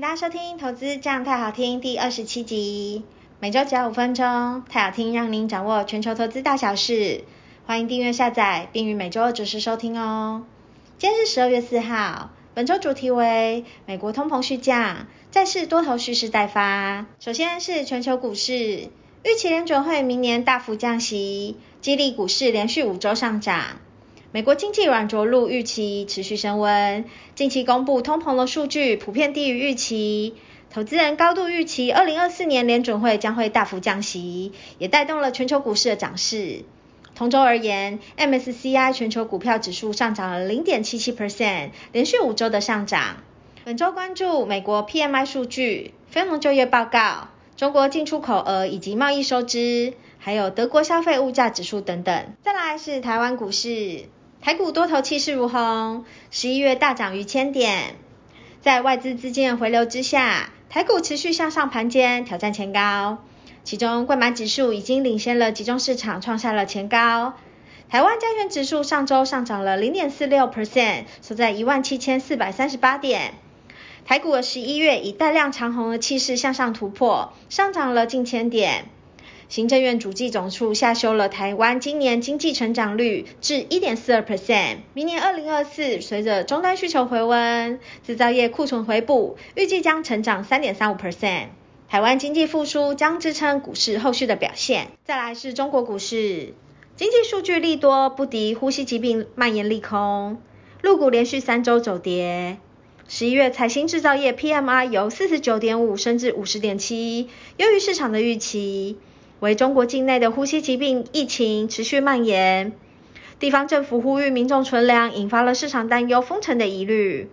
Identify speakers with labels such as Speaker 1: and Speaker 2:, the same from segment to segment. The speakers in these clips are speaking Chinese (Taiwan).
Speaker 1: 大家收聽《投資這樣泰好聽》第二十七集，每週只要五分鐘，泰好聽讓您掌握全球投資大小事。歡迎訂閱下載，並於每週二準時收聽哦。今天是十二月四號，本週主題為美國通膨續降，債市多頭蓄勢待發。首先是全球股市，預期聯準會明年大幅降息，激勵股市連續五週上漲。美國經濟軟着陸預期持續升溫，近期公布通膨的數據普遍低於預期，投資人高度預期二零二四年聯準會將會大幅降息，也帶動了全球股市的漲勢。同周而言，MSCI 全球股票指數上漲了零點七七 percent，連續五周的上漲。本周關注美國 PMI 數據、非農就業報告、中國進出口額以及貿易收支，還有德國消費物價指數等等。再來是台灣股市。台股多頭氣勢如虹，十一月大漲逾千點，在外資資金的回流之下，台股持續向上盤堅挑戰前高，其中櫃買指數已經領先了集中市場創下了前高。台灣加權指數上周上漲了零點四六%，收在一萬七千四百三十八點。台股的十一月以大量長紅的氣勢向上突破，上漲了近千點。行政院主計總處下修了台灣今年經濟成長率至一點四二 percent，明年二零二四隨着終端需求回溫，制造業庫存回補，預計將成長三點三五 percent。台灣經濟復甦將支撐股市後續的表現。再來是中國股市，經濟數據利多不敵呼吸疾病蔓延利空，陸股連續三周走跌。十一月財新制造業 PMI 由四十九點五升至五十點七，優於市場的預期。為中國境內的呼吸疾病疫情持續蔓延，地方政府呼籲民眾存糧，引發了市場擔憂封城的疑慮。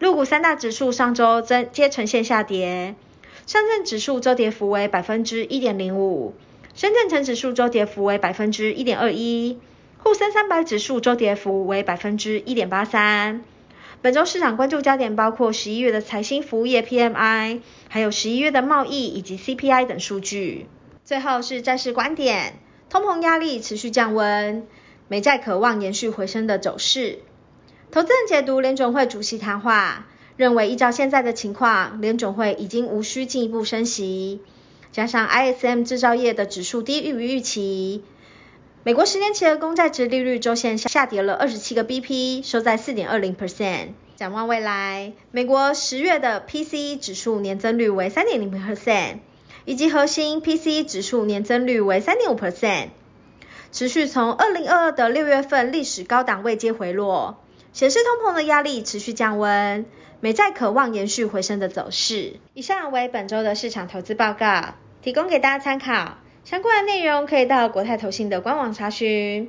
Speaker 1: 陸股三大指數上周皆呈現下跌，上證指數周跌幅為百分之一點零五，深證成指數周跌幅為百分之一點二一，滬深三百指數周跌幅為百分之一點八三。本周市場關注焦點包括十一月的財新服務業 PMI，還有十一月的貿易以及 CPI 等數據。最後是債市觀點，通膨壓力持續降溫，美債可望延續回升的走勢。投資人解讀聯準會主席談話，認為依照現在的情況，聯準會已經無需進一步升息。加上 ISM 製造業的指數低於預期，美國十年期的公債殖利率週線下下跌了二十七個 BP，收在四點二零 percent。展望未來，美國十月的 PCE 指數年增率為三點零 percent。以及核心 P C 指數年增率為三點五 percent，持續從二零二二的六月份歷史高檔位階回落，顯示通膨的壓力持續降溫，美債可望延續回升的走勢。以上為本周的市場投資報告，提供給大家參考，相關的內容可以到國泰投信的官網查詢。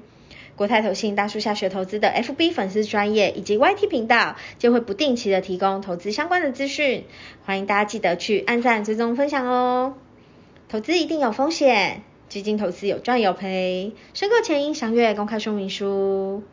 Speaker 1: 國泰投信大樹下學投資的 FB 粉絲專業以及 YT 頻道，就會不定期的提供投資相關的資訊，歡迎大家記得去按贊、追蹤、分享哦。投資一定有風險，基金投資有賺有賠，申購前應詳閱公開說明書。